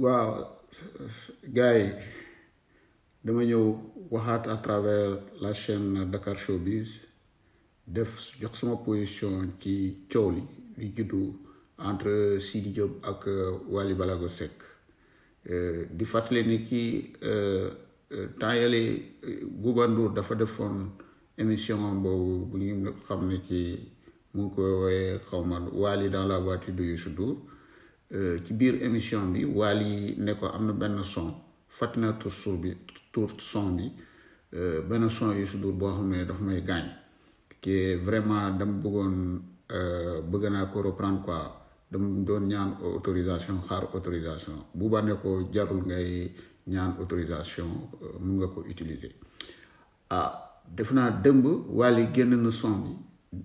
waaw gars dama ñëw waxaat à travers la chaîne Dakar Showbiz def jox sama position ci coow li li juddu entre Sidi Diop ak euh, Wali Balago Euh, di fàttali ni ki euh, euh, temps yële Bouba Ndour dafa defoon émission boobu bu ñu xam ne ci mu ngi ko woowee xaw ma dans la voiture de Youssou euh, ci biir émission bi wali ne ko am na benn son fàtte tour tur bi tour son bi euh, benn son yu si dur boo xam ne may gaañ ki vraiment dama bëggoon euh, bëgg naa ko reprendre quoi dama doon ñaan autorisation xaar autorisation bu ba ne ko jarul ngay ñaan autorisation mun ko utiliser ah def naa dëmb Wally génn na son bi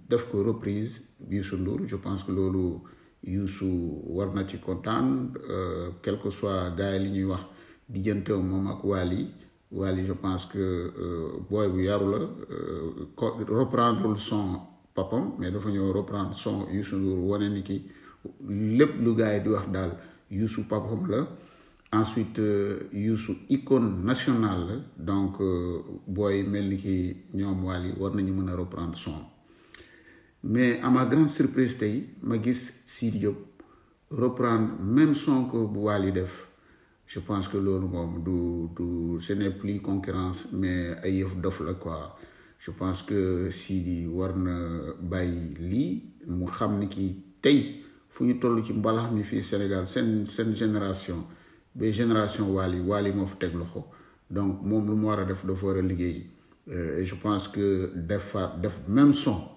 def ko reprise bi je pense que loolu Youssou war na ci kontaan euh, quel que soit gars li ñuy wax digganteem moom ak wali wali je pense que euh, boy bu yaru la euh, reprendre son papa, mais dafa ñëw reprendre son Youssou Ndour wane ni ki lépp lu gars yi di wax daal Youssou papam la ensuite Youssou icône nationale la donc boy mel ni ki ñoom wali war nañu mën a reprendre son mais à ma grande surprise tay ma gis Sidy Diop reprendre même son que bu def je pense que lolu mom du du ce n'est plus concurrence mais ay yëf quoi je pense que Sidy warna na li mu xam ni kii tey fu ñu ci mbalax mi fi Sénégal sen sen génération ba génération wali wali mo loxo donc mon lu mu war def fa liggéey euh, et je pense que def def même son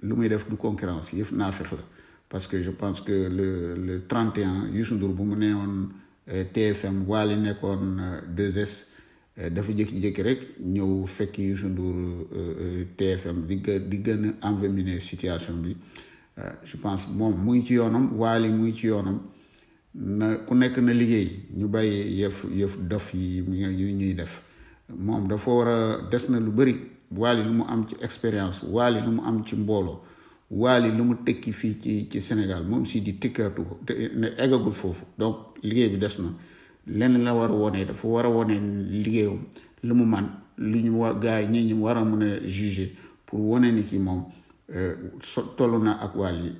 lu muy def du concurrence yëf naa fex la parce que je pense que le le 31 Youssou Ndour bu mu nee euh, TFM Wally nekkoon 2S euh, euh, dafa jékki-jékki rek ñëw fekk Youssou Ndour TFM di gë di gën a envenimer situation bi je pense moom mu ngi ci yoonam Wally mu ngi ci yoonam na ku nekk na liggéey ñu bàyyi yëf yëf dof yi ñuy def moom dafa war a des na lu bëri waali lu mu am ci expérience waali lu mu am ci mbooloo waali lu mu tekki fii ci ci Sénégal moom si di tëkkaatu ko ne eggagul foofu donc liggéey bi des na lenn la war a wone dafa war a wone liggéeyam lu mu man lu ñu wa gars yi ñi ñu war a mën a juger pour wone ni ki moom euh, so toll na ak waal yi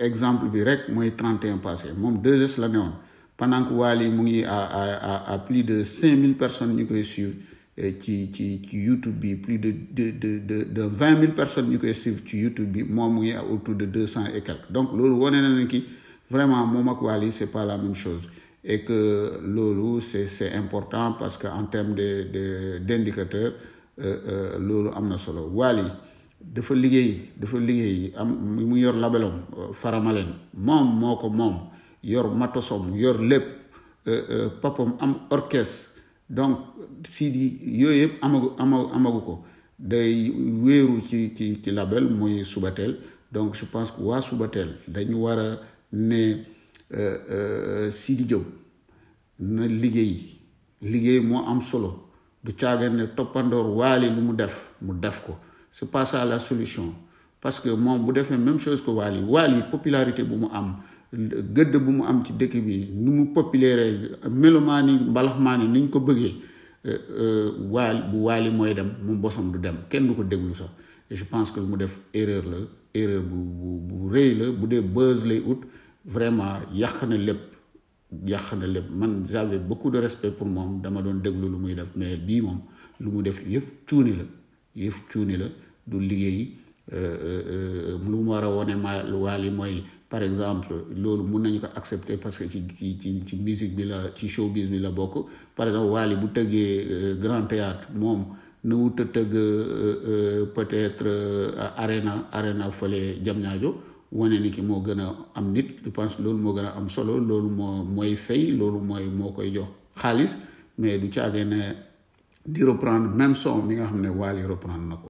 exemple bi rek mooy 31 passé moom 2S la newoon pendant que waal yi mu ngi à à à plus de 5000 personnes ñu koy suivre et euh, qui YouTube plus de de de personnes qui suivent YouTube moi autour de 200 et quelques donc vraiment ak c'est pas la même chose et que Lolo c'est important parce que en termes de de d'indicateurs euh, euh, loolu je solo am faramalen yor matosom yor orchestre donc si yi yooyu yëpp amagu amagu amagu ko day wéeru ci ci ci label mooy Subatel donc je pense que waa Subatel dañu war a ne euh, euh, Sidi Diop na liggéey liggéey moo am solo du caaga ne toppandoor waali lu mu def mu def ko c'est pas ça la solution parce que moom bu defee même chose que waali waali popularité bu mu am gëdd bu mu am ci dëkk bi nu mu populaire melomaani mbalaxmaani ni ñu ko bëggee euh, euh, waal bu waali mooy dem mu bosam du dem kenn du ko déglu sax je pense que mu def erreur la erreur bu bu bu rëy la bu dee buzz lay ut vraiment yàq na lépp yàq na lépp man j'avais beaucoup de respect pour moom dama doon déglu lu muy def mais bii moom lu mu def yëf cuuni la yëf cuuni la du liggéey euh, lu mu war a wone ma waali mooy par exemple loolu mun nañu ko accepter parce que ci ci ci ci musique bi la ci showbiz bi la bokk par exemple wali bu tëggee euh, grand théâtre moom na wut a tëgg euh, euh, peut-être arena arena fële Diamniadio wane ni ki moo gën a am nit je pense loolu moo gën a am solo loolu moo mooy fay loolu mooy moo koy jox xaalis mais du caagee ne di reprendre même son mi nga xam ne Wally reprendre na ko